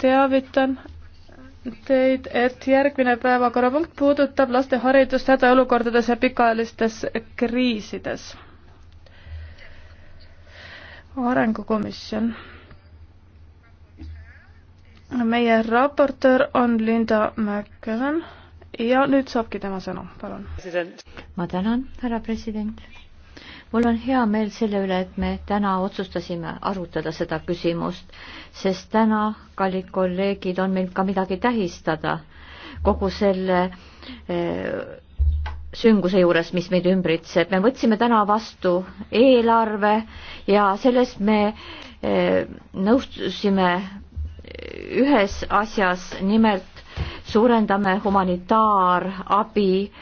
teavitan teid, et järgmine päevakorrapunkt puudutab laste haridust hädaolukordades ja pikaajalistes kriisides. arengukomisjon. meie raportöör on Linda Mäkkelen ja nüüd saabki tema sõna, palun. ma tänan, härra president mul on hea meel selle üle, et me täna otsustasime arutada seda küsimust, sest täna, kallid kolleegid, on meil ka midagi tähistada kogu selle eh, sündmuse juures, mis meid ümbritseb. me võtsime täna vastu eelarve ja selles me eh, nõustusime eh, ühes asjas, nimelt suurendame humanitaarabi eh,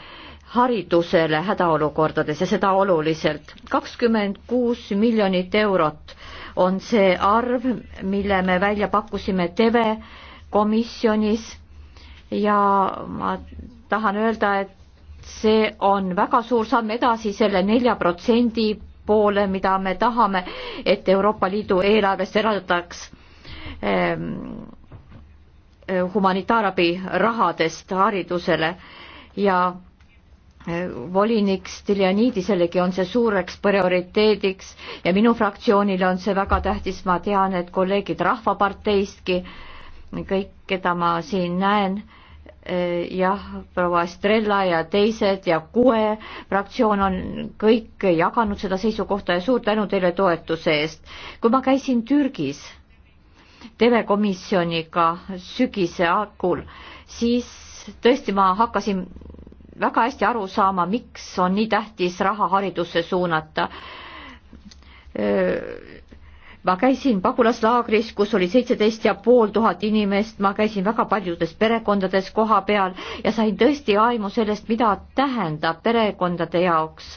haridusele hädaolukordades ja seda oluliselt. kakskümmend kuus miljonit eurot on see arv, mille me välja pakkusime TV komisjonis ja ma tahan öelda, et see on väga suur samm edasi selle nelja protsendi poole, mida me tahame, et Euroopa Liidu eelarvest eraldataks ehm, humanitaarabi rahadest haridusele ja volinik Stiljanidiselegi on see suureks prioriteediks ja minu fraktsioonile on see väga tähtis, ma tean, et kolleegid Rahvaparteistki, kõik, keda ma siin näen, eh, jah, proua Estrella ja teised ja kuue fraktsioon on kõik jaganud seda seisukohta ja suur tänu teile toetuse eest. kui ma käisin Türgis telekomisjoniga sügise hakul, siis tõesti ma hakkasin väga hästi aru saama, miks on nii tähtis raha haridusse suunata. ma käisin pagulaslaagris, kus oli seitseteist ja pool tuhat inimest, ma käisin väga paljudes perekondades koha peal ja sain tõesti aimu sellest, mida tähendab perekondade jaoks,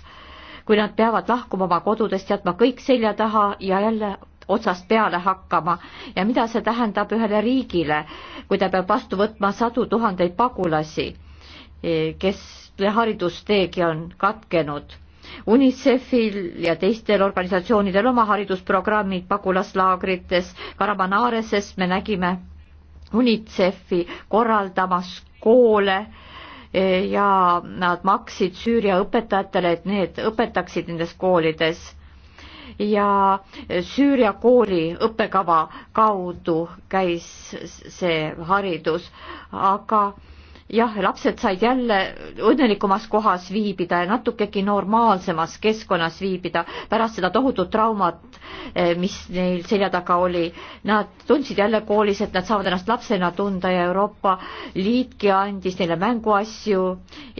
kui nad peavad lahkuma oma kodudest, jätma kõik selja taha ja jälle otsast peale hakkama ja mida see tähendab ühele riigile, kui ta peab vastu võtma sadu tuhandeid pagulasi kes haridustegi on katkenud. UNICEF-il ja teistel organisatsioonidel oma haridusprogrammid pagulaslaagrites, Karamanaareses me nägime UNICEF-i korraldamas koole e, ja nad maksid Süüria õpetajatele, et need õpetaksid nendes koolides ja Süüria kooli õppekava kaudu käis see haridus, aga jah, lapsed said jälle õnnelikumas kohas viibida ja natukegi normaalsemas keskkonnas viibida pärast seda tohutut traumat, eh, mis neil selja taga oli. Nad tundsid jälle koolis, et nad saavad ennast lapsena tunda ja Euroopa Liitki andis neile mänguasju,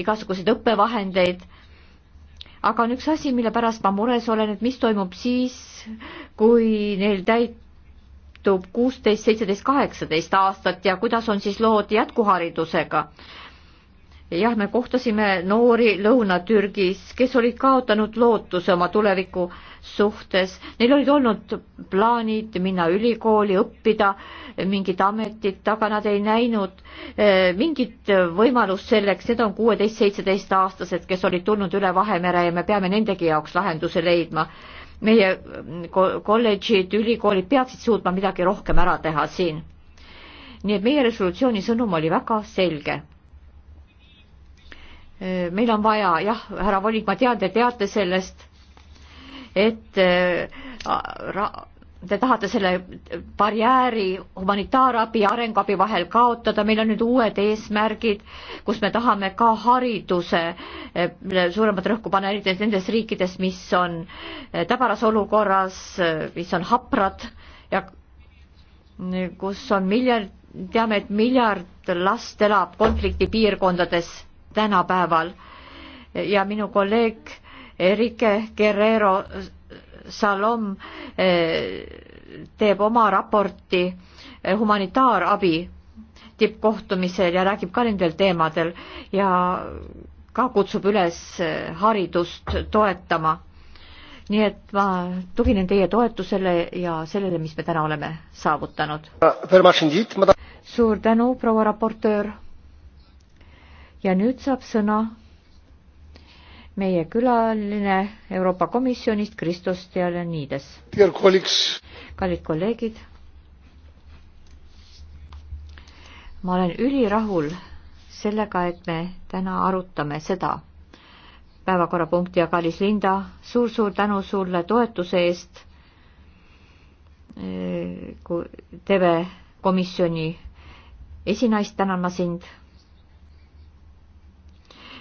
igasuguseid õppevahendeid. aga on üks asi, mille pärast ma mures olen, et mis toimub siis, kui neil täit-, liitub kuusteist, seitseteist, kaheksateist aastat ja kuidas on siis lood jätkuharidusega? jah, me kohtasime noori Lõuna-Türgis, kes olid kaotanud lootuse oma tuleviku suhtes, neil olid olnud plaanid minna ülikooli, õppida mingit ametit, aga nad ei näinud eh, mingit võimalust selleks, need on kuueteist-seitseteistaastased, kes olid tulnud üle Vahemere ja me peame nendegi jaoks lahenduse leidma meie mm, kolledžid, ülikoolid peaksid suutma midagi rohkem ära teha siin. nii et meie resolutsiooni sõnum oli väga selge. Äh, meil on vaja, jah, härra volinik, ma tean, te teate sellest, et äh, ra-, te tahate selle barjääri humanitaarabi ja arenguabi vahel kaotada, meil on nüüd uued eesmärgid, kus me tahame ka hariduse eh, suuremat rõhku panna, eriti nendes riikides, mis on eh, täbaras olukorras, eh, mis on haprad ja kus on miljard, teame, et miljard last elab konfliktipiirkondades tänapäeval ja minu kolleeg Erike Guerrero Salom eh, teeb oma raporti eh, humanitaarabi tippkohtumisel ja räägib ka nendel teemadel ja ka kutsub üles eh, haridust toetama. nii et ma tuginen teie toetusele ja sellele, mis me täna oleme saavutanud. suur tänu, proua raportöör. ja nüüd saab sõna meie külaline Euroopa Komisjonist Kristos Dialenides. kallid kolleegid, ma olen ülirahul sellega, et me täna arutame seda päevakorrapunkti ja kallis Linda suur,, suur-suur tänu sulle toetuse eest eh, TV Komisjoni esinaist tänan ma sind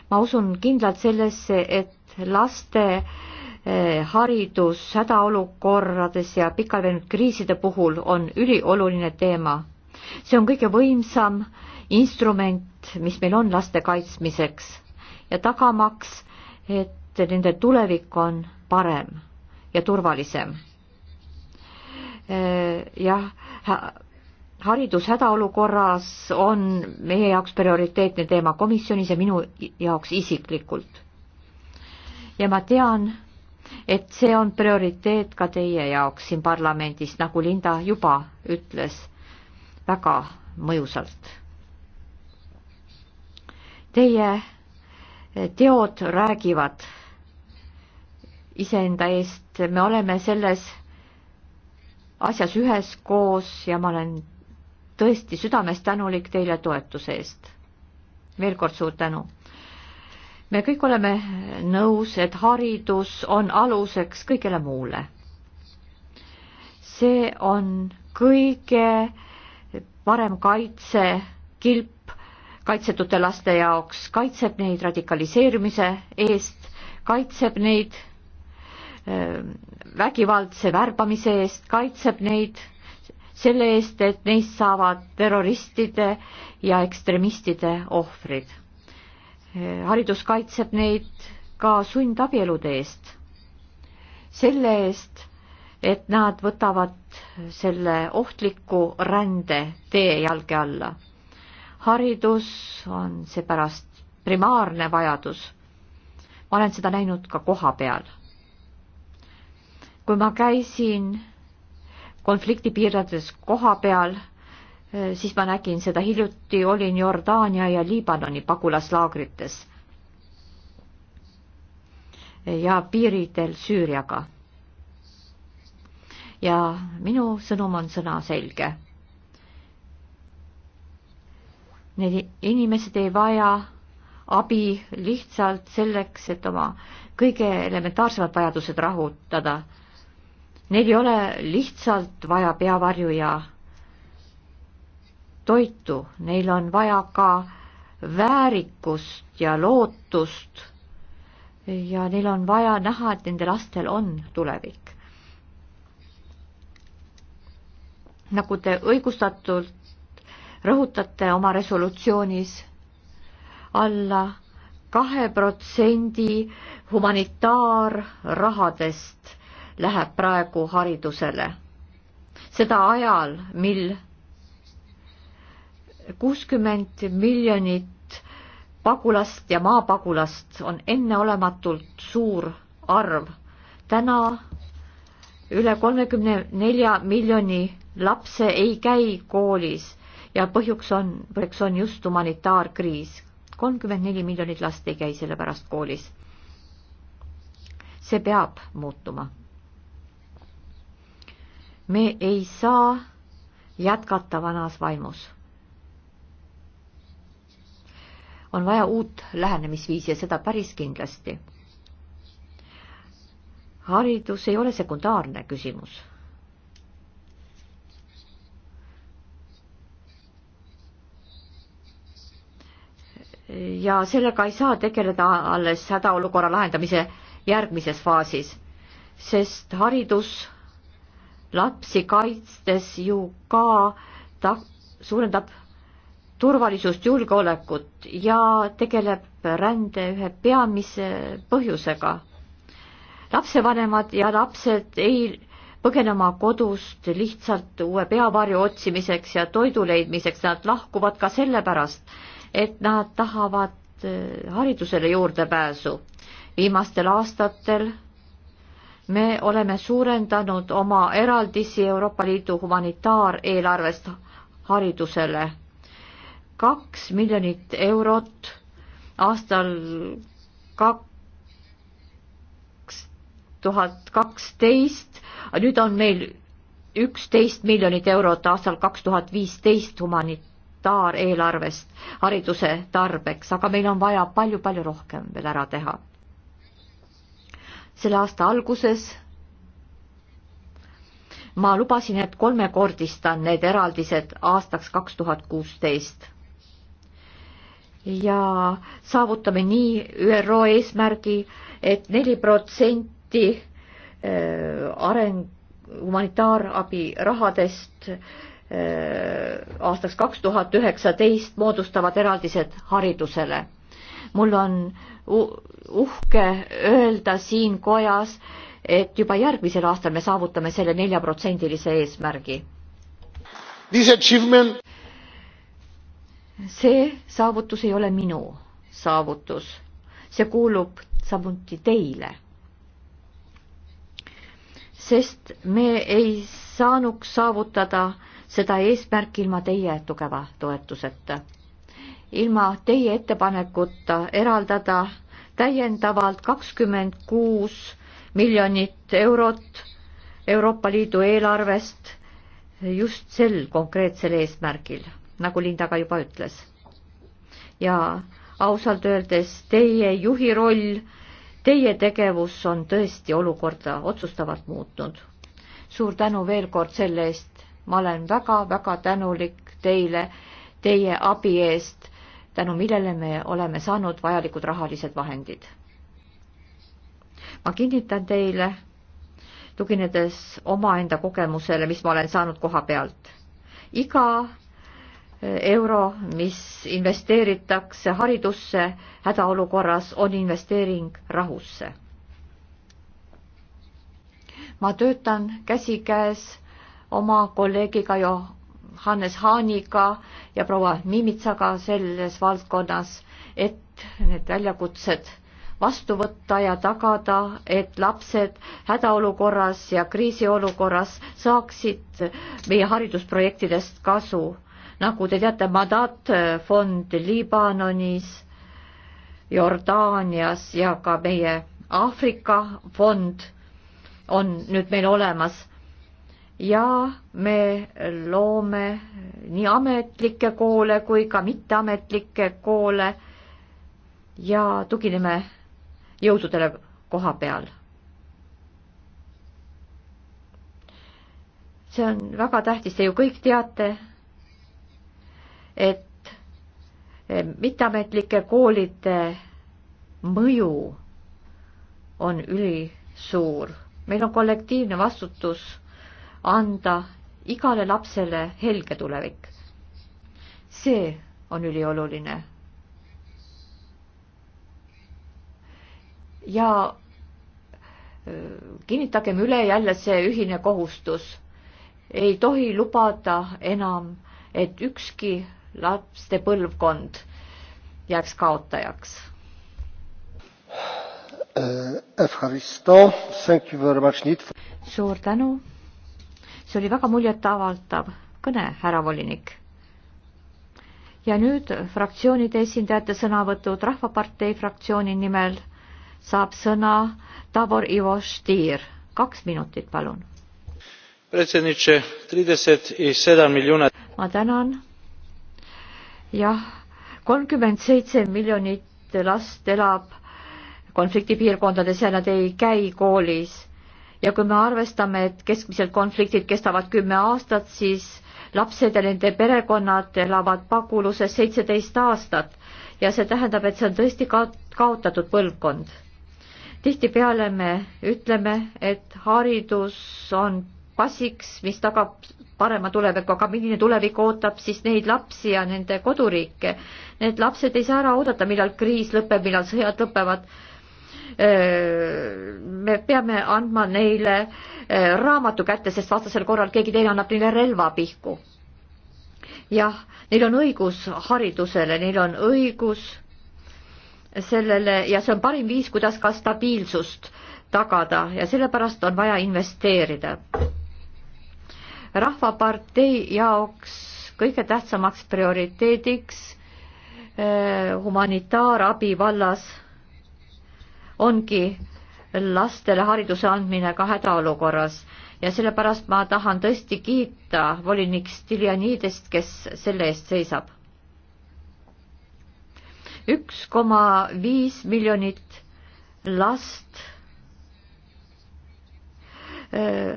ma usun kindlalt sellesse, et laste eh, haridus hädaolukorrades ja pikalt veninud kriiside puhul on ülioluline teema. see on kõige võimsam instrument, mis meil on laste kaitsmiseks ja tagamaks, et nende tulevik on parem ja turvalisem. Eh, jah, haridus hädaolukorras on meie jaoks prioriteetne teema komisjonis ja minu jaoks isiklikult. ja ma tean, et see on prioriteet ka teie jaoks siin parlamendis, nagu Linda juba ütles väga mõjusalt. Teie teod räägivad iseenda eest, me oleme selles asjas üheskoos ja ma olen tõesti südamest tänulik teile toetuse eest. veel kord suur tänu. me kõik oleme nõus, et haridus on aluseks kõigele muule. see on kõige parem kaitse, kilp kaitsetute laste jaoks, kaitseb neid radikaliseerimise eest, kaitseb neid ähm, vägivaldse värbamise eest, kaitseb neid selle eest, et neist saavad terroristide ja ekstremistide ohvrid. haridus kaitseb neid ka sundabielude eest, selle eest, et nad võtavad selle ohtliku rände tee jalge alla. haridus on seepärast primaarne vajadus. ma olen seda näinud ka koha peal. kui ma käisin konfliktipiirkondades koha peal, eh, siis ma nägin seda, hiljuti olin Jordaania ja Liibanoni pagulaslaagrites ja piiridel Süüriaga. ja minu sõnum on sõnaselge. Need inimesed ei vaja abi lihtsalt selleks, et oma kõige elementaarsemad vajadused rahutada Neil ei ole lihtsalt vaja peavarju ja toitu, neil on vaja ka väärikust ja lootust ja neil on vaja näha, et nende lastel on tulevik. nagu te õigustatult rõhutate oma resolutsioonis alla, alla kahe protsendi humanitaarrahadest läheb praegu haridusele. seda ajal, mil kuuskümmend miljonit pagulast ja maapagulast on enneolematult suur arv. täna üle kolmekümne nelja miljoni lapse ei käi koolis ja põhjuks on, põhjuks on just humanitaarkriis. kolmkümmend neli miljonit last ei käi sellepärast koolis. see peab muutuma me ei saa jätkata vanas vaimus. on vaja uut lähenemisviisi ja seda päris kindlasti. haridus ei ole sekundaarne küsimus. ja sellega ei saa tegeleda alles hädaolukorra lahendamise järgmises faasis, sest haridus lapsi kaitstes ju ka ta suurendab turvalisust, julgeolekut ja tegeleb rände ühe peamise põhjusega. lapsevanemad ja lapsed ei põgene oma kodust lihtsalt uue peavarju otsimiseks ja toidu leidmiseks, nad lahkuvad ka sellepärast, et nad tahavad eh, haridusele juurdepääsu. viimastel aastatel me oleme suurendanud oma eraldisi Euroopa Liidu humanitaareelarvest haridusele. kaks miljonit eurot aastal kaks tuhat kaksteist, nüüd on meil üksteist miljonit eurot aastal kaks tuhat viisteist humanitaareelarvest hariduse tarbeks, aga meil on vaja palju-palju rohkem veel ära teha selle aasta alguses ma lubasin, et kolmekordistan need eraldised aastaks kaks tuhat kuusteist. ja saavutame nii ÜRO eesmärgi et, et neli protsenti äh, areng, humanitaarabi rahadest äh, aastaks kaks tuhat üheksateist moodustavad eraldised haridusele mul on uhke öelda siin kojas, et juba järgmisel aastal me saavutame selle neljaprotsendilise eesmärgi. Achievement... see saavutus ei ole minu saavutus, see kuulub samuti teile. sest me ei saanuks saavutada seda eesmärki ilma teie tugeva toetuseta ilma teie ettepanekuta eraldada täiendavalt kakskümmend kuus miljonit eurot Euroopa Liidu eelarvest just sel konkreetsel eesmärgil, nagu Linda ka juba ütles. ja ausalt öeldes teie juhi roll, teie tegevus on tõesti olukorda otsustavalt muutnud. suur tänu veel kord selle eest, ma olen väga-väga tänulik teile, teie abi eest tänu millele me oleme saanud vajalikud rahalised vahendid. ma kinnitan teile, tuginedes omaenda kogemusele, mis ma olen saanud koha pealt, iga eh, euro, mis investeeritakse haridusse hädaolukorras, on investeering rahusse. ma töötan käsikäes oma kolleegiga Jo Hannes Haaniga ja proua Mimitsaga selles valdkonnas, et need väljakutsed vastu võtta ja tagada, et lapsed hädaolukorras ja kriisiolukorras saaksid meie haridusprojektidest kasu. nagu te teate, Madat fond Liibanonis, Jordaanias ja ka meie Aafrika fond on nüüd meil olemas ja me loome nii ametlikke koole kui ka mitteametlikke koole ja tugineme jõududele koha peal. see on väga tähtis, te ju kõik teate, et eh, mitteametlike koolide mõju on ülisuur. meil on kollektiivne vastutus anda igale lapsele helge tulevik. see on ülioluline. ja kinnitagem üle jälle see ühine kohustus. ei tohi lubada enam, et ükski laste põlvkond jääks kaotajaks. suur tänu see oli väga muljetavaldav kõne, härra volinik. ja nüüd fraktsioonide esindajate sõnavõtud Rahvapartei fraktsiooni nimel saab sõna Davor Ivo Stier, kaks minutit, palun. ma tänan. jah, kolmkümmend seitse miljonit last elab konfliktipiirkondades ja nad ei käi koolis ja kui me arvestame, et keskmiselt konfliktid kestavad kümme aastat, siis lapsed ja nende perekonnad elavad paguluses seitseteist aastat ja see tähendab, et see on tõesti ka kaotatud põlvkond. tihtipeale me ütleme, et haridus on passiks, mis tagab parema tuleviku, aga milline tulevik ootab siis neid lapsi ja nende koduriike. Need lapsed ei saa ära oodata, millal kriis lõpeb, millal sõjad lõpevad Äh, me peame andma neile äh, raamatu kätte, sest vastasel korral keegi teine annab neile relva pihku. jah, neil on õigus haridusele, neil on õigus sellele ja see on parim viis, kuidas ka stabiilsust tagada ja sellepärast on vaja investeerida. rahvapartei jaoks kõige tähtsamaks prioriteediks äh, humanitaarabi vallas ongi lastele hariduse andmine ka hädaolukorras ja sellepärast ma tahan tõesti kiita volinik Stiljanidest, kes selle eest seisab. üks koma viis miljonit last äh,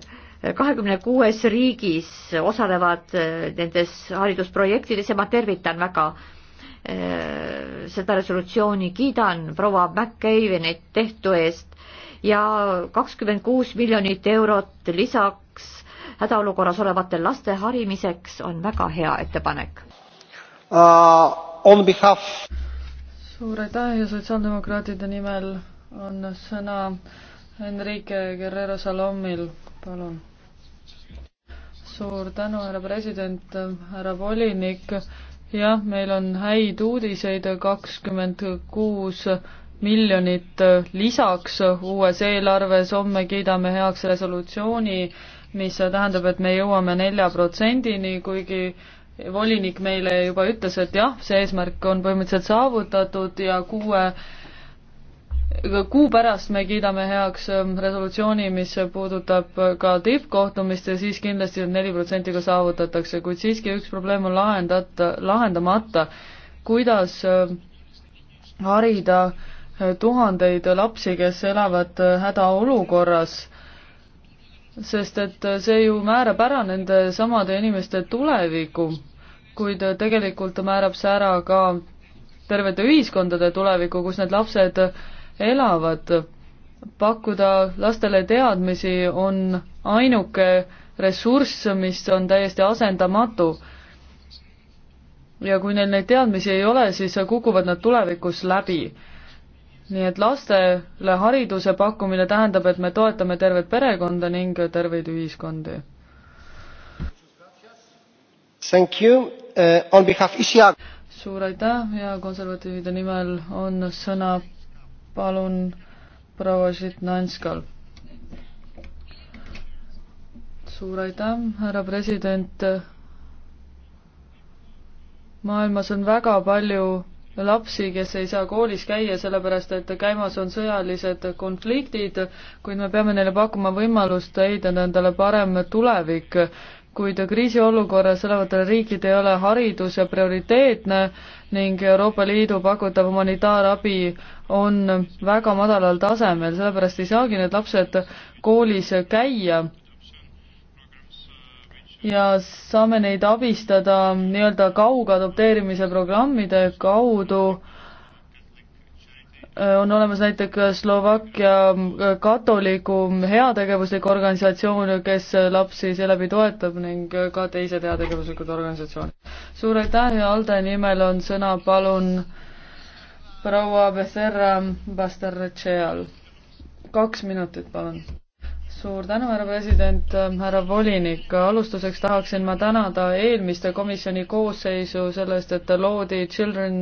kahekümne kuues riigis osalevad äh, nendes haridusprojektides ja ma tervitan väga äh, Äh, seda resolutsiooni kiidan proua McCavenit tehtu eest ja kakskümmend kuus miljonit eurot lisaks hädaolukorras olevate laste harimiseks on väga hea ettepanek uh,. On behalf suur aitäh ja sotsiaaldemokraatide nimel on sõna Enrique Guerrero Salomil, palun. suur tänu, härra president, härra volinik jah, meil on häid uudiseid, kakskümmend kuus miljonit lisaks uues eelarves, homme kiidame heaks resolutsiooni, mis tähendab, et me jõuame nelja protsendini, kuigi volinik meile juba ütles, et jah, see eesmärk on põhimõtteliselt saavutatud ja kuue 6 kuu pärast me kiidame heaks ähm, resolutsiooni, mis puudutab äh, ka tippkohtumist ja siis kindlasti need neli protsenti ka saavutatakse, kuid siiski üks probleem on lahendata, lahendamata. kuidas äh, harida äh, tuhandeid lapsi, kes elavad hädaolukorras, sest et see ju määrab ära nende samade inimeste tuleviku, kuid tegelikult määrab see ära ka tervete ühiskondade tulevikku, kus need lapsed elavad. pakkuda lastele teadmisi on ainuke ressurss, mis on täiesti asendamatu. ja kui neil neid teadmisi ei ole, siis kukuvad nad tulevikus läbi. nii et lastele hariduse pakkumine tähendab, et me toetame tervet perekonda ning terveid ühiskondi. Thank you uh, on behalf Isiak. suur aitäh ja konservatiivide nimel on sõna palun proua Žitnanskal. suur aitäh, härra president. maailmas on väga palju lapsi, kes ei saa koolis käia, sellepärast et käimas on sõjalised konfliktid, kuid me peame neile pakkuma võimalust leida endale parem tulevik kuid kriisiolukorras elavatel riikidel ei ole haridus prioriteetne ning Euroopa Liidu pakutav humanitaarabi on väga madalal tasemel, sellepärast ei saagi need lapsed koolis käia. ja saame neid abistada nii-öelda kaugadopteerimise programmide kaudu Äh, on olemas näiteks Slovakkia äh, katoliku heategevuslik organisatsioon, kes lapsi seeläbi toetab ning äh, ka teised heategevuslikud organisatsioonid. suur aitäh ja Alde nimel on sõna palun proua Becerra Basterrecheal. kaks minutit, palun suur tänu, härra president, härra volinik, alustuseks tahaksin ma tänada eelmiste komisjoni koosseisu selle eest, et loodi Children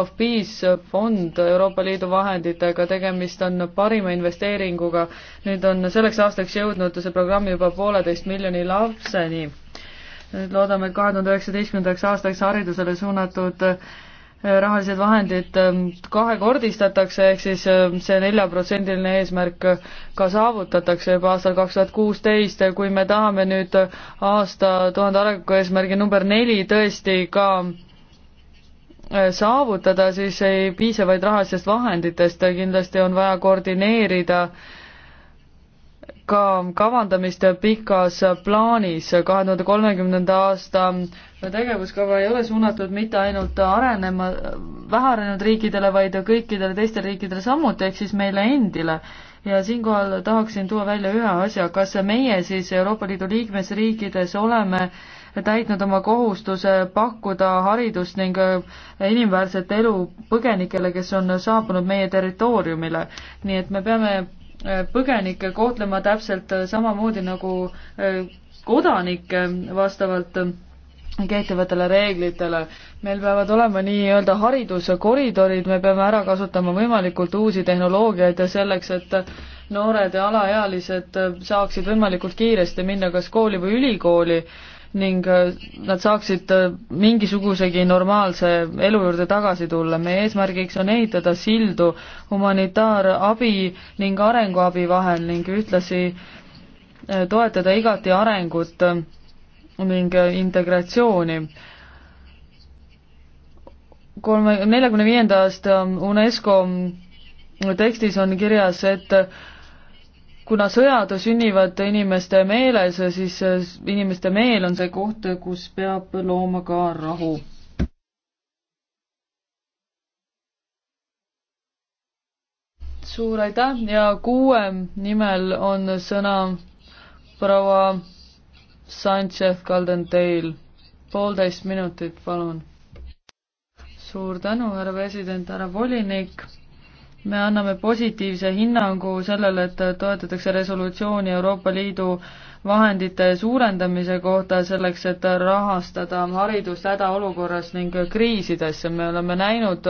of Peace fond Euroopa Liidu vahenditega, tegemist on parima investeeringuga. nüüd on selleks aastaks jõudnud see programm juba pooleteist miljoni lapseni. nüüd loodame, et kahe tuhande üheksateistkümnendaks aastaks haridusele suunatud rahalised vahendid ähm, kahekordistatakse, ehk siis ähm, see neljaprotsendiline eesmärk äh, ka saavutatakse juba aastal kaks tuhat kuusteist, kui me tahame nüüd aasta tuhande arengu eesmärgi number neli tõesti ka äh, saavutada, siis ei piisa vaid rahalistest vahenditest, kindlasti on vaja koordineerida ka kavandamist pikas plaanis, kahe tuhande kolmekümnenda aasta tegevuskava ei ole suunatud mitte ainult arenema, vähearenenud riikidele, vaid kõikidele teistele riikidele samuti, ehk siis meile endile. ja siinkohal tahaksin tuua välja ühe asja, kas meie siis Euroopa Liidu liikmesriikides oleme täitnud oma kohustuse pakkuda haridust ning inimväärset elu põgenikele, kes on saabunud meie territooriumile. nii et me peame põgenikke kohtlema täpselt samamoodi nagu kodanikke vastavalt kehtivatele reeglitele. meil peavad olema nii-öelda hariduskoridorid, me peame ära kasutama võimalikult uusi tehnoloogiaid selleks, et noored ja alaealised saaksid võimalikult kiiresti minna kas kooli või ülikooli ning nad saaksid mingisugusegi normaalse elu juurde tagasi tulla. meie eesmärgiks on ehitada sildu humanitaarabi ning arenguabi vahel ning ühtlasi toetada igati arengut ning äh, integratsiooni. kolme, neljakümne viienda aasta ähm, UNESCO äh, tekstis on kirjas, et äh, kuna sõjad sünnivad inimeste meeles, siis inimeste meel on see koht, kus peab looma ka rahu. suur aitäh ja kuue nimel on sõna proua Sanchez Caldenteil, poolteist minutit, palun. suur tänu, härra president, härra volinik. me anname positiivse hinnangu sellele, et toetatakse resolutsiooni Euroopa Liidu vahendite suurendamise kohta selleks, et rahastada haridust hädaolukorras ning kriisidesse, me oleme näinud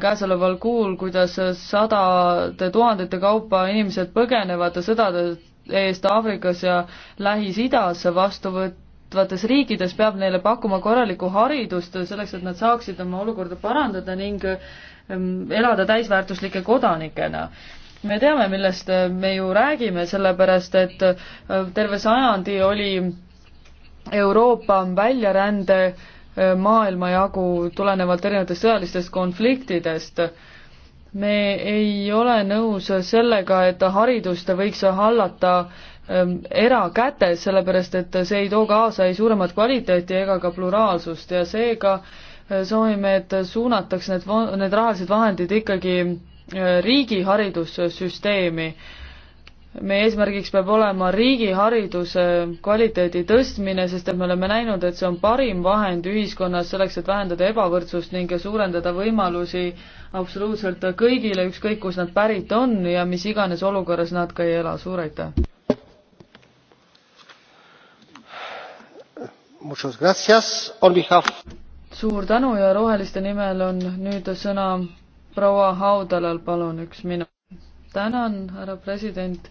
käesoleval kuul, kuidas sadade tuhandete kaupa inimesed põgenevad sõdade eest Aafrikas ja Lähis-Idas vastu võtvates riikides, peab neile pakkuma korralikku haridust selleks, et nad saaksid oma olukorda parandada ning ähm, elada täisväärtuslike kodanikena me teame, millest äh, me ju räägime, sellepärast et äh, terve sajandi oli Euroopa väljarände äh, maailmajagu tulenevalt erinevatest sõjalistest konfliktidest me ei ole nõus sellega, et haridust võiks hallata ähm, erakätes, sellepärast et see ei too kaasa ei suuremat kvaliteeti ega ka pluraalsust ja seega äh, soovime, et suunataks need, need rahalised vahendid ikkagi äh, riigi haridussüsteemi meie eesmärgiks peab olema riigihariduse kvaliteedi tõstmine, sest et me oleme näinud, et see on parim vahend ühiskonnas selleks, et vähendada ebavõrdsust ning suurendada võimalusi absoluutselt kõigile, ükskõik kust nad pärit on ja mis iganes olukorras nad ka ei ela, suur aitäh! suur tänu ja Roheliste nimel on nüüd sõna proua Haudalal, palun, üks minut. tänan, härra president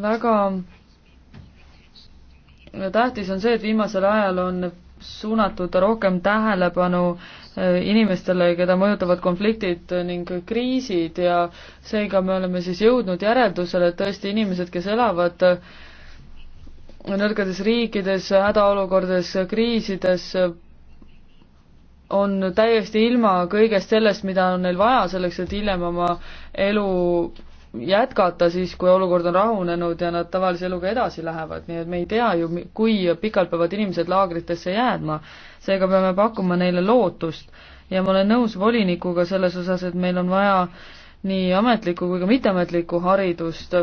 väga tähtis on see, et viimasel ajal on suunatud rohkem tähelepanu äh, inimestele, keda mõjutavad konfliktid ning kriisid ja seega me oleme siis jõudnud järeldusele, et tõesti inimesed, kes elavad nõrgades riikides, hädaolukordades, kriisides, on täiesti ilma kõigest sellest, mida on neil vaja selleks, et hiljem oma elu jätkata siis, kui olukord on rahunenud ja nad tavalise eluga edasi lähevad, nii et me ei tea ju, kui pikalt peavad inimesed laagritesse jääma. seega peame pakkuma neile lootust ja ma olen nõus volinikuga selles osas, et meil on vaja nii ametlikku kui ka mitteametlikku haridust.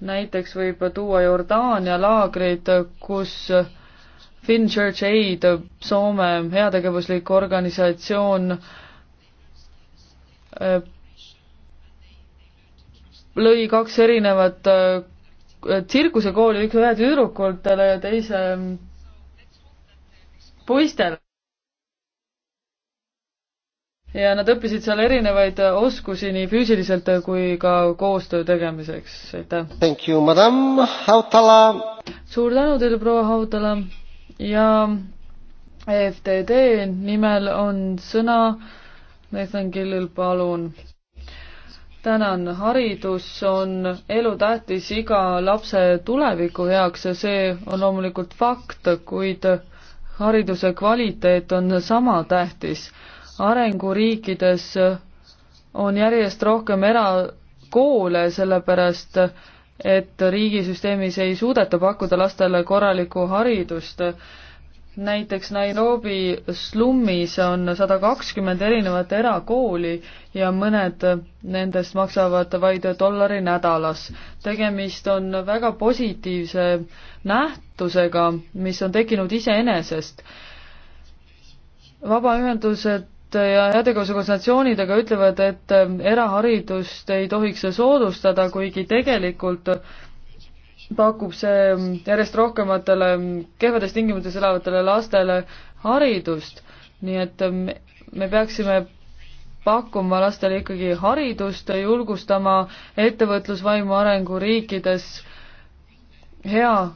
näiteks võib tuua Jordaania laagreid, kus Finchurch Aid, Soome heategevuslik organisatsioon lõi kaks erinevat äh, tsirkusekooli, üks ühe tüdrukutele ja teise ähm, poistele. ja nad õppisid seal erinevaid äh, oskusi nii füüsiliselt äh, kui ka koostöö tegemiseks, aitäh. Thank you, madam Hautala. suur tänu teile, proua Hautala ja EFTD nimel on sõna Nathan Killil, palun tänan, haridus on elutähtis iga lapse tuleviku heaks ja see on loomulikult fakt, kuid hariduse kvaliteet on sama tähtis. arenguriikides on järjest rohkem erakoole, sellepärast et riigisüsteemis ei suudeta pakkuda lastele korralikku haridust näiteks Nairobi slummis on sada kakskümmend erinevat erakooli ja mõned nendest maksavad vaid dollari nädalas. tegemist on väga positiivse nähtusega, mis on tekkinud iseenesest. vabaühendused ja heategevuse konsultatsioonidega ütlevad, et eraharidust ei tohiks soodustada, kuigi tegelikult äh, pakub see järjest rohkematele kehvades tingimustes elavatele lastele haridust, nii et ähm, me peaksime pakkuma lastele ikkagi haridust, julgustama ettevõtlusvaimu arengu riikides. hea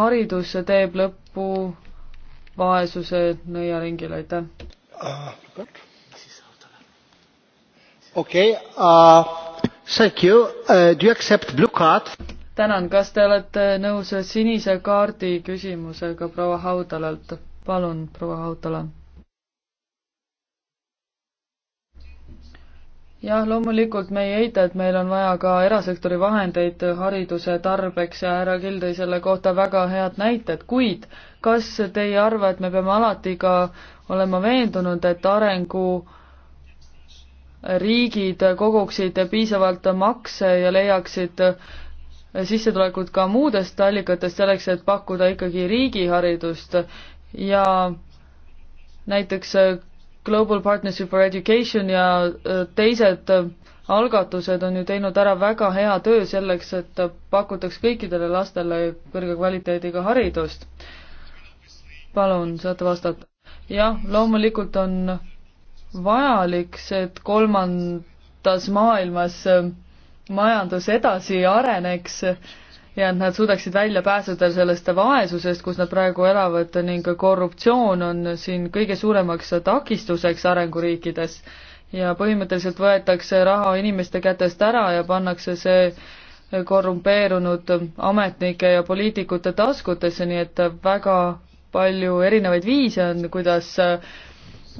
haridus teeb lõppu vaesuse nõiaringile, aitäh uh,. okei okay, uh,, thank you uh,, do you accept blue card? tänan, kas te olete nõus sinise kaardi küsimusega proua Haudalalt? palun, proua Haudala. jah, loomulikult me ei eita, et meil on vaja ka erasektori vahendeid hariduse tarbeks ja härra Kild tõi selle kohta väga head näited, kuid kas te ei arva, et me peame alati ka olema veendunud, et arengu riigid koguksid piisavalt makse ja leiaksid sissetulekud ka muudest allikatest, selleks et pakkuda ikkagi riigiharidust ja näiteks äh, Global Partnership for Education ja äh, teised äh, algatused on ju teinud ära väga hea töö selleks, et pakutaks kõikidele lastele kõrge kvaliteediga haridust. palun, saate vastata? jah, loomulikult on vajalik see, et kolmandas maailmas majandus edasi areneks ja et nad suudaksid välja pääseda sellest vaesusest, kus nad praegu elavad ning korruptsioon on siin kõige suuremaks takistuseks arenguriikides. ja põhimõtteliselt võetakse raha inimeste kätest ära ja pannakse see korrumpeerunud ametnike ja poliitikute taskutesse, nii et väga palju erinevaid viise on, kuidas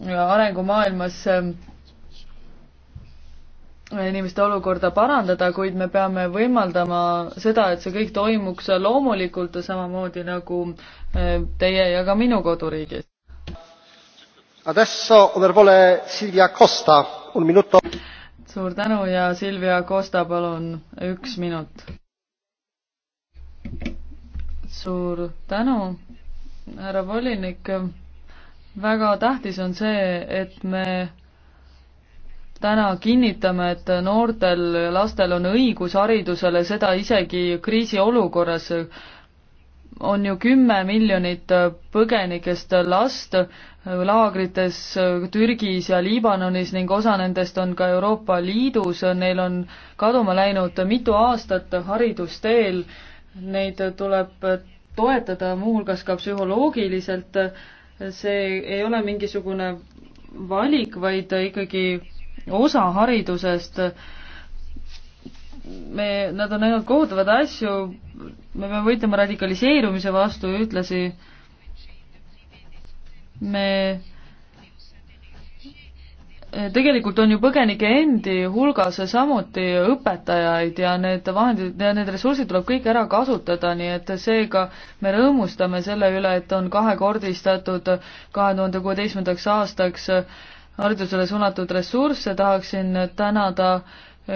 arengumaailmas inimeste olukorda parandada, kuid me peame võimaldama seda, et see kõik toimuks loomulikult ja samamoodi nagu äh, teie ja ka minu koduriigis. suur tänu ja Silvia Costa, palun, üks minut. suur tänu, härra volinik. väga tähtis on see, et me täna kinnitame, et noortel ja lastel on õigus haridusele, seda isegi kriisiolukorras. on ju kümme miljonit põgenikest last laagrites Türgis ja Liibanonis ning osa nendest on ka Euroopa Liidus, neil on kaduma läinud mitu aastat haridusteel, neid tuleb toetada muuhulgas ka psühholoogiliselt, see ei ole mingisugune valik, vaid ikkagi osa haridusest. me, nad on näinud kohutavaid asju, me peame võitlema radikaliseerumise vastu ühtlasi. me tegelikult on ju põgenike endi hulgas samuti õpetajaid ja need vahendid ja need ressursid tuleb kõik ära kasutada, nii et seega me rõõmustame selle üle, et on kahekordistatud kahe tuhande kuueteistkümnendaks aastaks haridusele suunatud ressursse, tahaksin tänada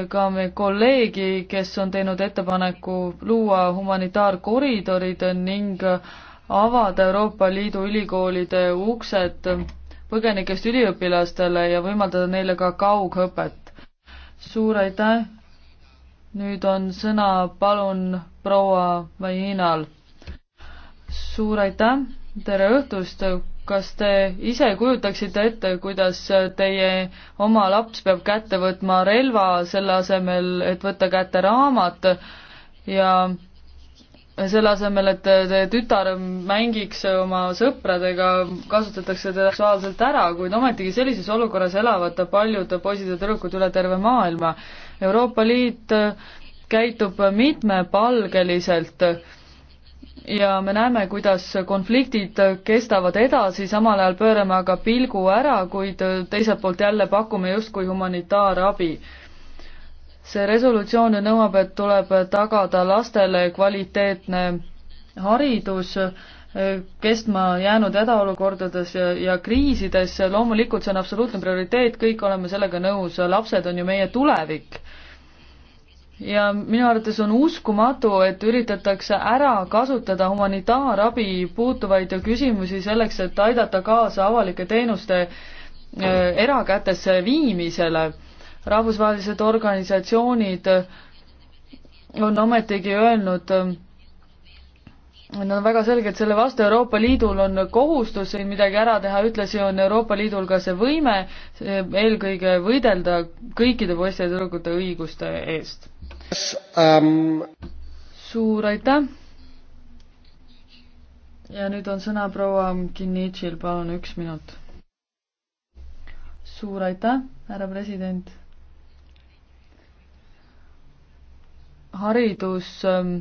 ka meie kolleegi, kes on teinud ettepaneku luua humanitaarkoridorid ning avada Euroopa Liidu ülikoolide uksed põgenikest üliõpilastele ja võimaldada neile ka kaugõpet. suur aitäh! nüüd on sõna palun proua Vainal. suur aitäh, tere õhtust, kas te ise kujutaksite ette, kuidas teie oma laps peab kätte võtma relva selle asemel, et võtta kätte raamat ja selle asemel, et teie tütar mängiks oma sõpradega, kasutatakse teda seksuaalselt ära, kuid ometigi sellises olukorras elavad paljud poisid ja tüdrukud üle terve maailma. Euroopa Liit käitub mitmepalgeliselt ja me näeme, kuidas konfliktid kestavad edasi, samal ajal pöörame aga pilgu ära, kuid teiselt poolt jälle pakume justkui humanitaarabi. see resolutsioon nõuab, et tuleb tagada lastele kvaliteetne haridus kestma jäänud hädaolukordades ja, ja kriisides, loomulikult see on absoluutne prioriteet, kõik oleme sellega nõus, lapsed on ju meie tulevik ja minu arvates on uskumatu, et üritatakse ära kasutada humanitaarabi puutuvaid küsimusi selleks, et aidata kaasa avalike teenuste äh, erakätesse viimisele. rahvusvahelised organisatsioonid on ometigi öelnud, Nad on väga selgelt selle vastu, Euroopa Liidul on kohustus siin midagi ära teha, ühtlasi on Euroopa Liidul ka see võime eelkõige võidelda kõikide poiste ja tüdrukute õiguste eest um... suur aitäh. ja nüüd on sõna proua Kinnitšil, palun üks minut. suur aitäh, härra president. haridus ähm,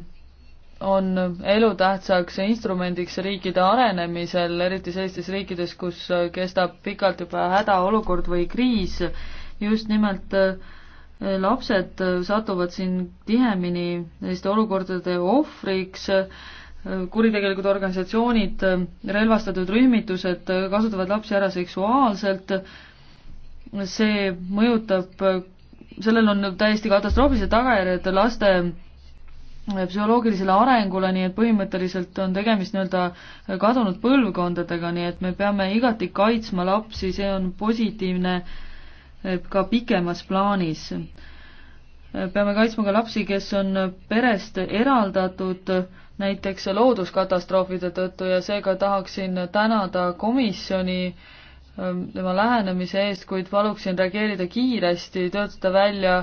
on elutähtsaks instrumendiks riikide arenemisel, eriti sellistes riikides, kus äh, kestab pikalt juba hädaolukord või kriis, just nimelt äh, lapsed satuvad siin tihemini selliste olukordade ohvriks, kuritegelikud organisatsioonid, relvastatud rühmitused kasutavad lapsi ära seksuaalselt, see mõjutab, sellel on täiesti katastroofilised tagajärjed laste psühholoogilisele arengule, nii et põhimõtteliselt on tegemist nii-öelda kadunud põlvkondadega, nii et me peame igati kaitsma lapsi, see on positiivne äh, ka pikemas plaanis. peame kaitsma ka lapsi, kes on perest eraldatud näiteks looduskatastroofide tõttu ja seega tahaksin tänada komisjoni ähm, tema lähenemise eest, kuid paluksin reageerida kiiresti, töötada välja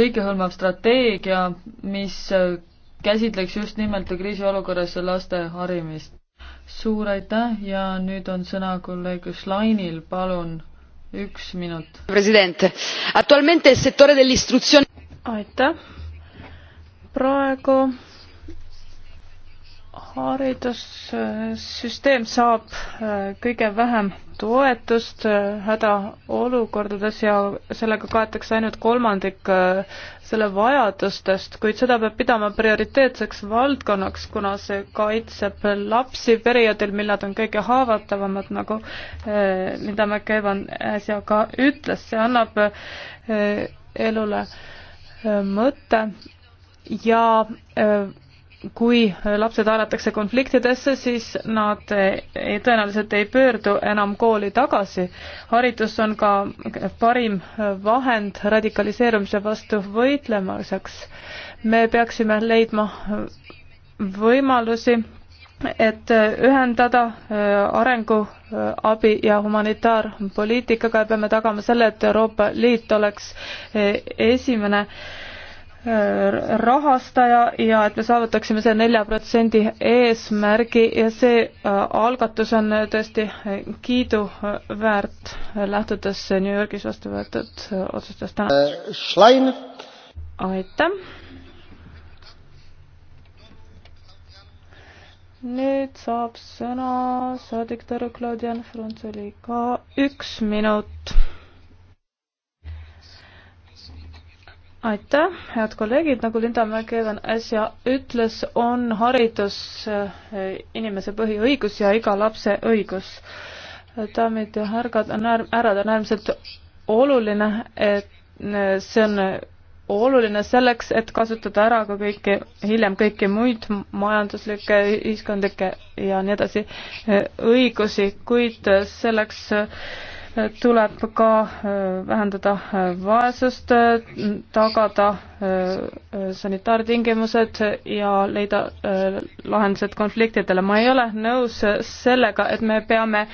kõikehõlmav strateegia, mis käsitleks just nimelt kriisiolukorras laste harimist. suur aitäh ja nüüd on sõna kolleeg Šlainil, palun üks minut. president, attualmente il settore dell'istruzione. aitäh, praegu haridussüsteem saab äh, kõige vähem toetust äh, hädaolukordades ja sellega kaetakse ainult kolmandik äh, selle vajadustest, kuid seda peab pidama prioriteetseks valdkonnaks, kuna see kaitseb lapsi perioodil, mil nad on kõige haavatavamad, nagu mida McEvan äsja ka ütles, see annab elule mõtte ja öö, kui lapsed haaratakse konfliktidesse, siis nad ei, tõenäoliselt ei pöördu enam kooli tagasi. haridus on ka parim vahend radikaliseerumise vastu võitlemiseks. me peaksime leidma võimalusi, et ühendada äh, arenguabi äh, ja humanitaarpoliitikaga ja peame tagama selle, et Euroopa Liit oleks äh, esimene äh, rahastaja ja et me saavutaksime selle nelja protsendi eesmärgi ja see äh, algatus on tõesti kiiduväärt, lähtudes New Yorgis vastu võetud äh, otsustest. Äh, aitäh. nüüd saab sõna saadik Tõru Claudian Frunzuli ka üks minut aitäh, head kolleegid, nagu Linda Mäkeven äsja ütles, on haridus eh, inimese põhiõigus ja iga lapse õigus. daamid ja härgad on äär-, härrad on äärmiselt oluline, et eh, see on oluline selleks, et kasutada ära ka kõiki, hiljem kõiki muid majanduslikke, ühiskondlikke ja nii edasi eh, õigusi, kuid selleks äh, tuleb ka äh, vähendada äh, vaesust, äh, tagada sanitaartingimused ja leida lahendused konfliktidele. ma ei ole nõus sellega, et me peame,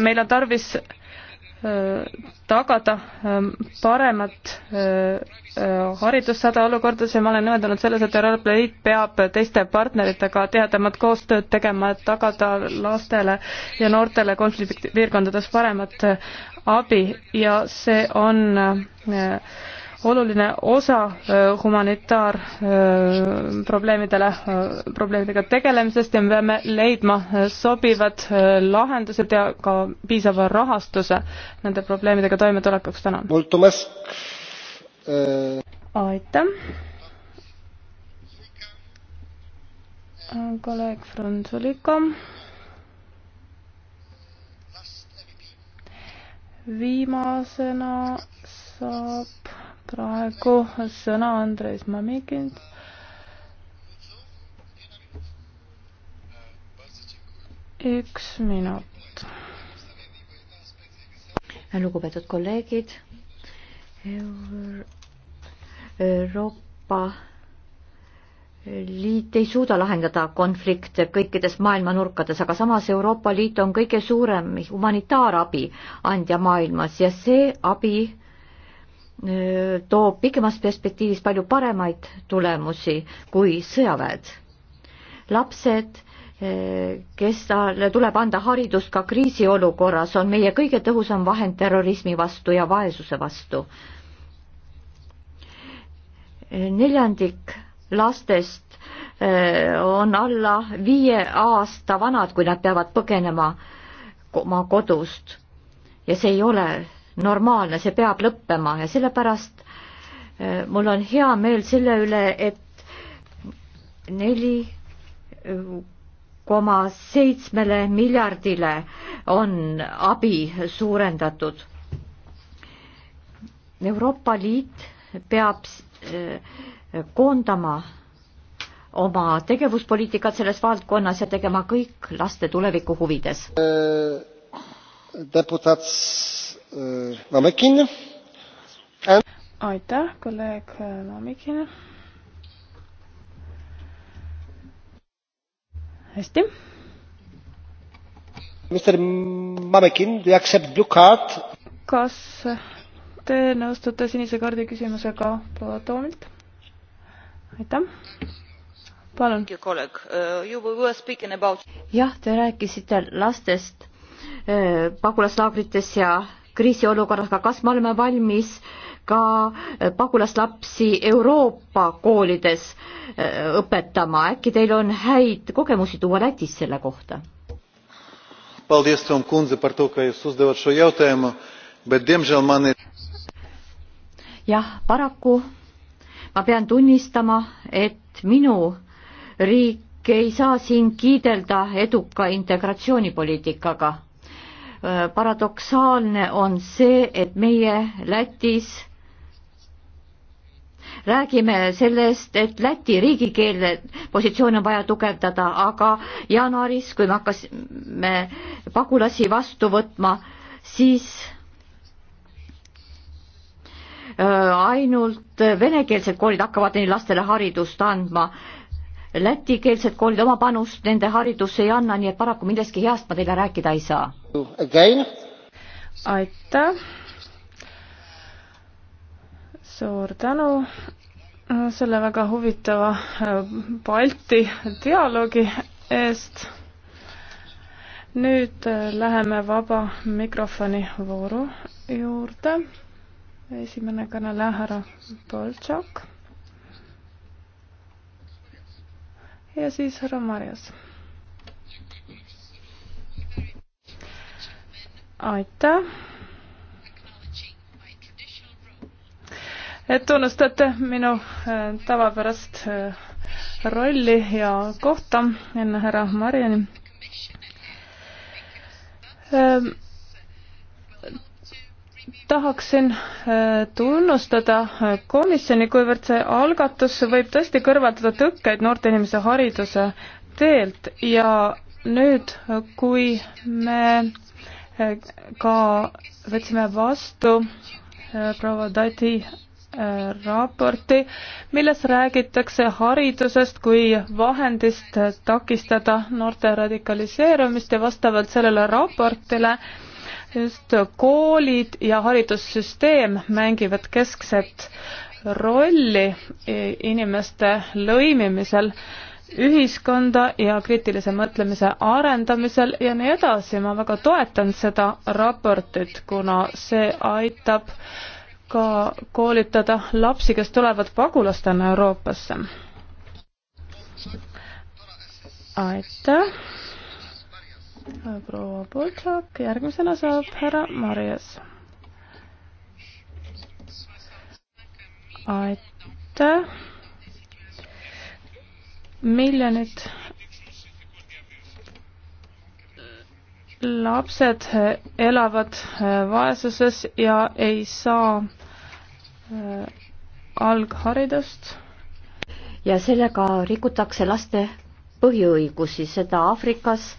meil on tarvis tagada ähm, paremat äh, äh, haridust hädaolukordades ja ma olen ühendanud selles, et Euroopa Liit peab teiste partneritega tihedamat koostööd tegema, et tagada lastele ja noortele konfliktipiirkondades paremat äh, abi ja see on oluline osa äh, humanitaarprobleemidele, äh, äh, probleemidega tegelemisest ja me peame leidma sobivad lahendused ja ka piisava rahastuse nende probleemidega toimetulekuks, tänan. aitäh. kolleeg Frunzuliga. viimasena saab praegu sõna Andres Mamikins. üks minut. lugupeetud kolleegid, Euroopa Liit ei suuda lahendada konflikte kõikides maailma nurkades, aga samas Euroopa Liit on kõige suurem humanitaarabi andja maailmas ja see abi Äh, toob pikemas perspektiivis palju paremaid tulemusi kui sõjaväed. lapsed, äh, kellele tuleb anda haridust ka kriisiolukorras, on meie kõige tõhusam vahend terrorismi vastu ja vaesuse vastu. Äh, neljandik lastest on alla viie aasta vanad, kui nad peavad põgenema oma kodust ja see ei ole normaalne, see peab lõppema ja sellepärast eh, mul on hea meel selle üle, et neli eh, koma seitsmele miljardile on abi suurendatud. Euroopa Liit peab eh, koondama oma tegevuspoliitikat selles valdkonnas ja tegema kõik laste tuleviku huvides. deputaat Mamikin. Äh, aitäh, kolleeg Mamikin. hästi. Mr Mamikin, do you accept blue card? kas te nõustute sinise kaardi küsimusega proua Toomilt? aitäh. palun. Uh, jah, te rääkisite lastest äh, pagulaslaagrites ja kriisiolukorras, aga kas me oleme valmis ka äh, pagulaslapsi Euroopa koolides äh, õpetama, äkki teil on häid kogemusi tuua Lätis selle kohta? jah, paraku ma pean tunnistama, et minu riik ei saa siin kiidelda eduka integratsioonipoliitikaga Äh, paradoksaalne on see, et meie Lätis räägime sellest, et Läti riigikeelne positsioon on vaja tugevdada, aga jaanuaris, kui me hakkasime pagulasi vastu võtma, siis äh, ainult venekeelsed koolid hakkavad neile lastele haridust andma lätikeelsed koolid oma panust nende haridusse ei anna, nii et paraku millestki heast ma teile rääkida ei saa. aitäh. suur tänu selle väga huvitava äh, Balti dialoogi eest. nüüd äh, läheme vaba mikrofoni vooru juurde. esimene kõneleja härra Boltšak ja siis härra Marjas. aitäh. et tunnustate minu äh, tavapärast äh, rolli ja kohta enne härra Marjani ähm, tahaksin äh, tunnustada komisjoni, kuivõrd see algatus võib tõesti kõrvaldada tõkkeid noorte inimese hariduse teelt ja nüüd, kui me äh, ka võtsime vastu äh, proua Tati raporti, milles räägitakse haridusest kui vahendist takistada noorte radikaliseerumist ja vastavalt sellele raportile äh, just koolid ja haridussüsteem mängivad keskset rolli inimeste lõimimisel ühiskonda ja kriitilise mõtlemise arendamisel ja nii edasi. ma väga toetan seda raportit, kuna see aitab ka koolitada lapsi, kes tulevad pagulastena Euroopasse. aitäh proua Boltšak, järgmisena saab härra Marjas. aitäh. miljonid lapsed elavad äh, vaesuses ja ei saa äh, algharidust. ja sellega rikutakse laste põhiõigusi, seda Aafrikas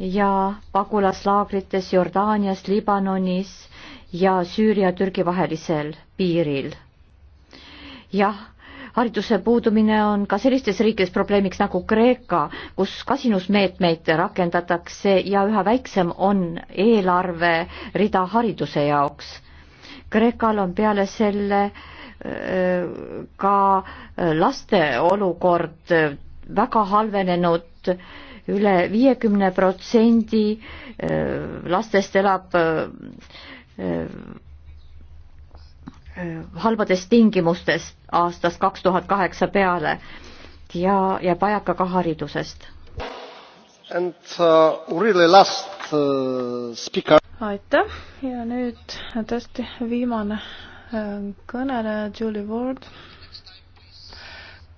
ja pagulaslaagrites Jordaanias, Liibanonis ja Süüria-Türgi vahelisel piiril. jah, hariduse puudumine on ka sellistes riikides probleemiks nagu Kreeka, kus kasinusmeetmeid rakendatakse ja üha väiksem on eelarverida hariduse jaoks. Kreekal on peale selle äh, ka laste olukord väga halvenenud üle viiekümne protsendi äh, lastest elab äh, äh, halbades tingimustes aastast kaks tuhat kaheksa peale ja jääb ajaka ka haridusest. Uh, really last, uh, aitäh ja nüüd tõesti viimane kõneleja Julie Ward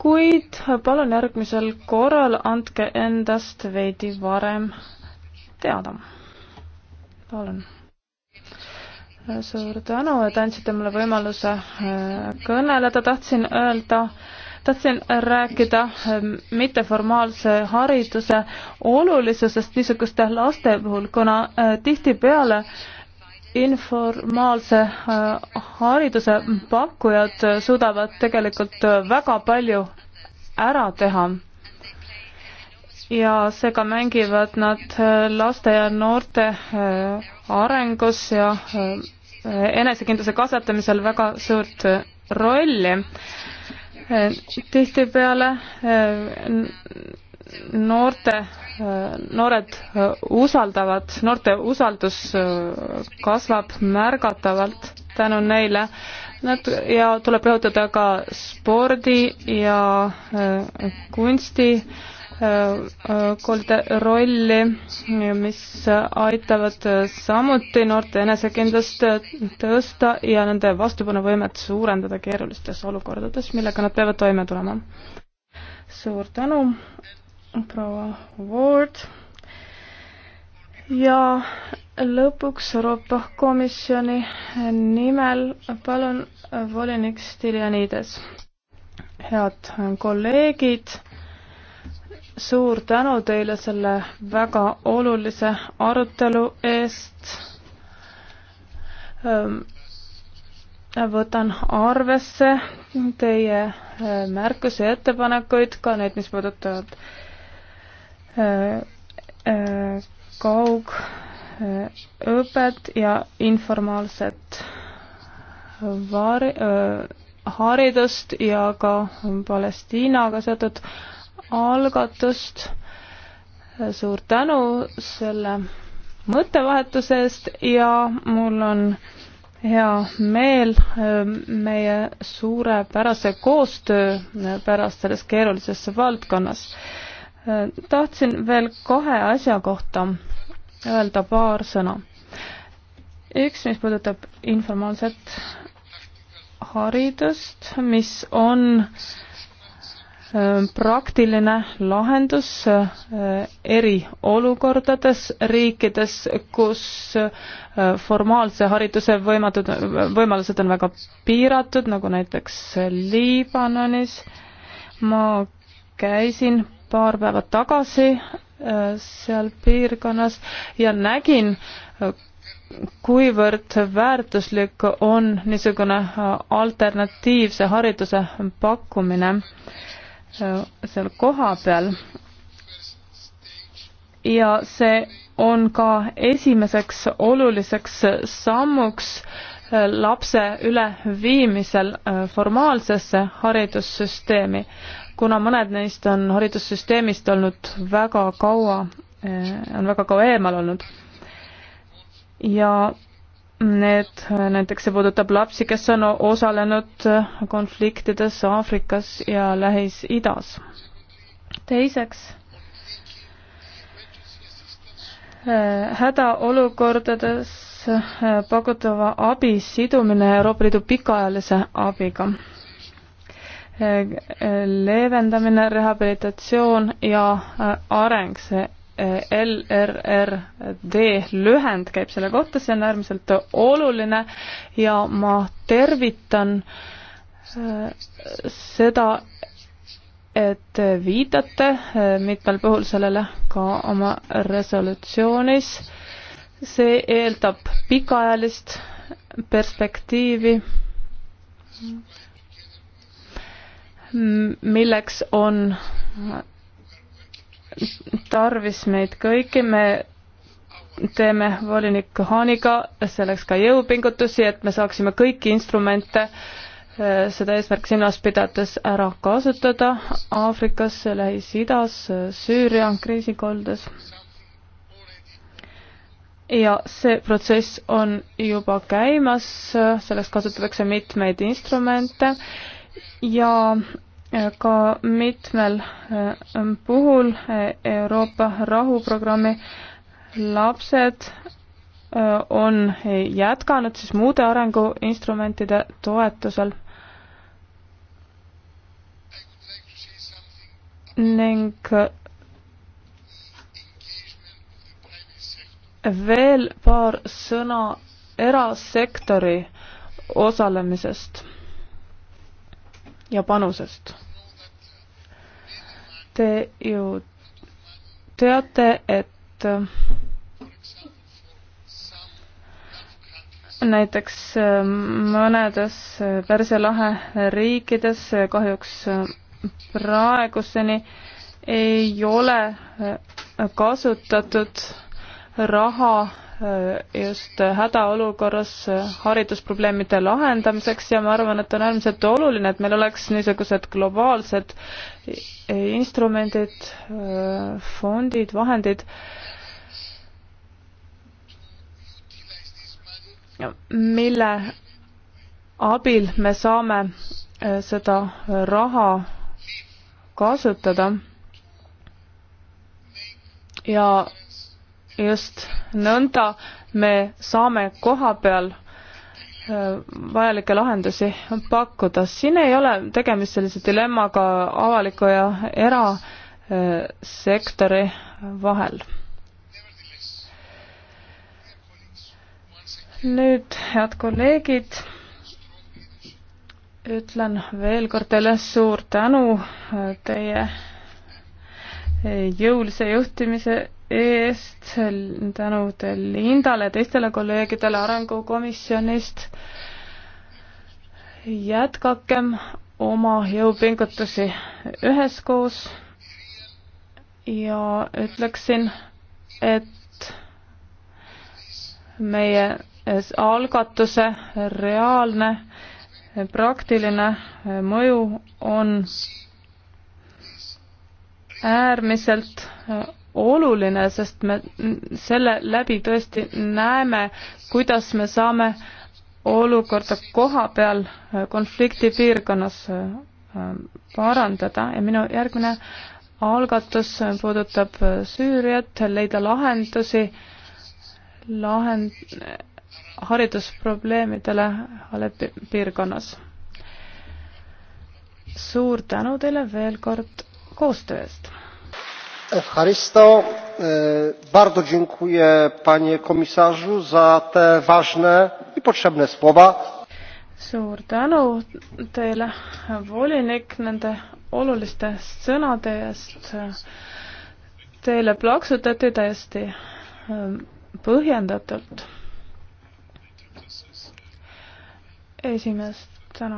kuid palun järgmisel korral andke endast veidi varem teada. palun. suur tänu, et andsite mulle võimaluse äh, kõneleda, tahtsin öelda, tahtsin rääkida äh, mitteformaalse hariduse olulisusest niisuguste laste puhul, kuna äh, tihtipeale äh, informaalse äh, hariduse pakkujad suudavad tegelikult äh, väga palju ära teha. ja seega mängivad nad äh, laste ja noorte arengus ja enesekindluse kasvatamisel väga suurt rolli. tihtipeale noorte, noored äh, usaldavad, noorte usaldus äh, kasvab märgatavalt tänu neile. Nad ja tuleb rõhutada ka spordi ja äh, kunsti koolide rolli, mis aitavad samuti noorte enesekindlust tõsta ja nende vastupanuvõimet suurendada keerulistes olukordades, millega nad peavad toime tulema. suur tänu proua Ward ja lõpuks Euroopa Komisjoni nimel palun volinik Stiljanides. head kolleegid, suur tänu teile selle väga olulise arutelu eest. Ehm, võtan arvesse teie eh, märkusi ja ettepanekuid, ka neid, mis puudutavad Äh, äh, kaugõpet ja informaalset var-, äh, haridust ja ka Palestiinaga seotud algatust. suur tänu selle mõttevahetuse eest ja mul on hea meel meie suurepärase koostöö pärast selles keerulises valdkonnas tahtsin veel kahe asja kohta öelda paar sõna. üks, mis puudutab informaalset haridust, mis on äh, praktiline lahendus äh, eriolukordades, riikides, kus äh, formaalse hariduse võimatud, võimalused on väga piiratud, nagu näiteks Liibanonis. ma käisin paar päeva tagasi äh, seal piirkonnas ja nägin, äh, kuivõrd väärtuslik on niisugune äh, alternatiivse hariduse pakkumine seal kohapeal. ja see on ka esimeseks oluliseks sammuks lapse üleviimisel formaalsesse haridussüsteemi kuna mõned neist on haridussüsteemist olnud väga kaua, on väga kaua eemal olnud. ja need, näiteks see puudutab lapsi, kes on osalenud konfliktides Aafrikas ja Lähis-Idas. teiseks hädaolukordades pakutava abi sidumine Euroopa Liidu pikaajalise abiga leevendamine, rehabilitatsioon ja äh, areng, see äh, LRRD lühend käib selle kohta, see on äärmiselt oluline ja ma tervitan äh, seda, et viidate mitmel puhul sellele ka oma resolutsioonis. see eeldab pikaajalist perspektiivi milleks on tarvis meid kõiki, me teeme volinik Haaniga selleks ka jõupingutusi, et me saaksime kõiki instrumente äh, seda eesmärki silmas pidades ära kasutada Aafrikas, Lähis-Idas, Süüria kriisikoldes. ja see protsess on juba käimas, selleks kasutatakse mitmeid instrumente ja eh, ka mitmel eh, puhul eh, Euroopa rahuprogrammi lapsed on jätkanud siis muude arenguinstrumentide toetusel ning veel paar sõna erasektori osalemisest ja panusest. Te ju teate, et näiteks mõnedes Pärsia lahe riikides kahjuks praeguseni ei ole kasutatud raha Äh, just hädaolukorras äh, haridusprobleemide lahendamiseks ja ma arvan, et on äärmiselt oluline, et meil oleks niisugused globaalsed instrumendid, äh, fondid, vahendid, mille abil me saame seda raha kasutada ja just nõnda me saame koha peal äh, vajalikke lahendusi pakkuda. siin ei ole tegemist sellise dilemmaga avaliku ja erasektori äh, vahel. nüüd, head kolleegid, ütlen veel kord teile suur tänu äh, teie jõulise juhtimise eest, tänu Lindale, teistele kolleegidele Arengukomisjonist. jätkakem oma jõupingutusi üheskoos ja ütleksin, et meie algatuse reaalne praktiline mõju on äärmiselt oluline, sest me selle läbi tõesti näeme, kuidas me saame olukorda koha peal äh, konfliktipiirkonnas äh, parandada ja minu järgmine algatus äh, puudutab Süüriat, leida lahendusi, lahend-, haridusprobleemidele Alepi piirkonnas. suur tänu teile veel kord koostöö eest! E, bardzo dziękuję panie komisarzu za te ważne i potrzebne słowa. suur tänu teile volinik nende oluliste sõnade eest teile plaksutati täiesti e, põhjendatult esimest